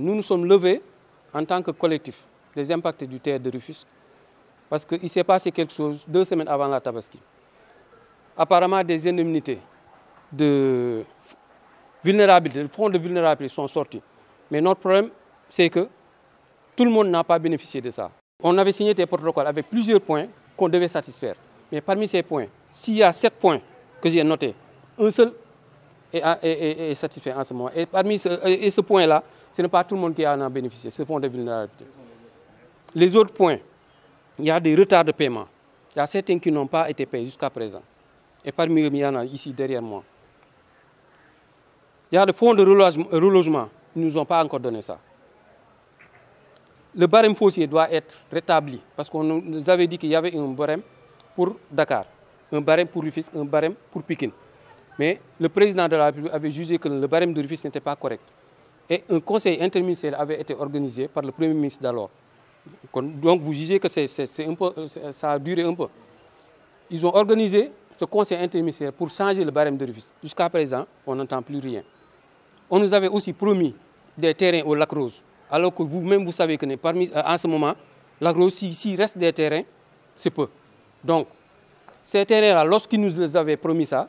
Nous nous sommes levés en tant que collectif des impacts du terre de Rufus parce qu'il s'est passé quelque chose deux semaines avant la Tabaski. Apparemment, des indemnités de vulnérabilité, le fonds de vulnérabilité sont sortis. Mais notre problème, c'est que tout le monde n'a pas bénéficié de ça. On avait signé des protocoles avec plusieurs points qu'on devait satisfaire. Mais parmi ces points, s'il y a sept points que j'ai notés, un seul est, satisfait en ce moment. Et parmi et ce point-là, ce n'est pas tout le monde qui en a bénéficié, ce fonds de vulnérabilité. Les autres points, il y a des retards de paiement. Il y a certains qui n'ont pas été payés jusqu'à présent. Et parmi eux, il y en a ici derrière moi. Il y a le fonds de relogement. Euh, Ils ne nous ont pas encore donné ça. Le barème foncier doit être rétabli parce qu'on nous avait dit qu'il y avait un barème pour Dakar, un barème pour Rufisque, un barème pour Pékin. Mais le président de la République avait jugé que le barème de Rufisque n'était pas correct. Et un conseil interministériel avait été organisé par le Premier ministre d'alors. Donc vous jugez que ça a duré un peu. Ils ont organisé ce conseil interministériel pour changer le barème de refus. Jusqu'à présent, on n'entend plus rien. On nous avait aussi promis des terrains au lac Rose, alors que vous-même, vous savez que euh, en ce moment, lac Rose, reste des terrains, c'est peu. Donc, ces terrains-là, lorsqu'ils nous avaient promis ça,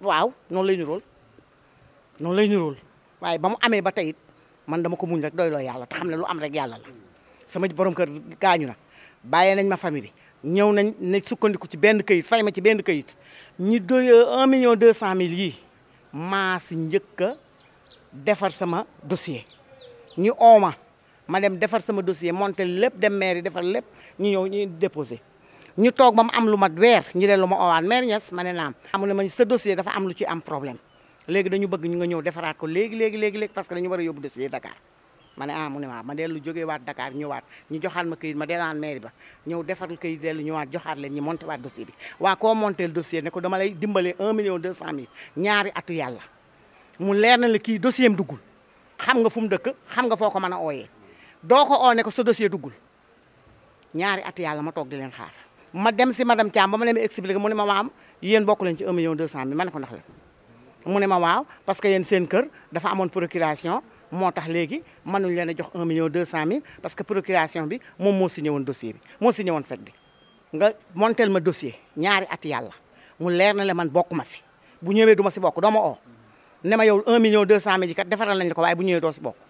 waaw noonu lay nirool noonu lay nirool waaye ba mu amee ba tey it man dama ko muñ rek doy loo yàlla te xam ne lu am rek yàlla la sama borom kër gaañu na bàyyee nañ ma famille bi ñëw nañ ne sukkandiku ci benn këyit fay ma ci benn këyit ñi doy euh, un million deux cent mille yii maa si njëkk a defar sama dossier ñu ooma ma dem defar sama dossier monté lépp dem mairie defar lépp ñu ñëw ñu déposé ñu toog ba mu am lu mat weer ñu dellu ma owaan maire Niass ma ne naam amu ne ma sa dossier dafa am lu ci am problème léegi dañu bëgg ñu nga ñëw defaraat ko léegi léegi léegi léegi parce que dañu war a yóbbu dossier Dakar ma ne ah mu ma dellu jógee waat Dakar ñëwaat ñu joxaat ma këyit ma dellaan mairie ba ñëw defal këyit dellu ñëwaat joxaat leen ñu monté waat dossier bi waa koo monté dossier ne ko dama lay dimbale 1 million 200 mille ñaari atu yàlla mu leer na la kii dossier duggul xam nga fu mu dëkk xam nga foo ko mën a ooyee doo ko oo ko sa dossier duggul ñaari atu yàlla ma toog di leen xaar ma dem si madame caam ba ma leen di expliqué mu ne ma maam yéen bokk leen ci 1 million 200 ma ne ko ndax la mu ne ma waaw parce que yéen seen kër dafa amoon procuration moo tax léegi mënuñ leen a jox 1 million 200 mille parce que procuration bi moom moo signé woon dossier bi moo signé woon set bi nga montel ma dossier ñaari at yàlla mu leer na le man bokk ma si bu ñëwee du ma si bokk doo ma oo ne ma yow 1 million 200 mille yi defaral si bokk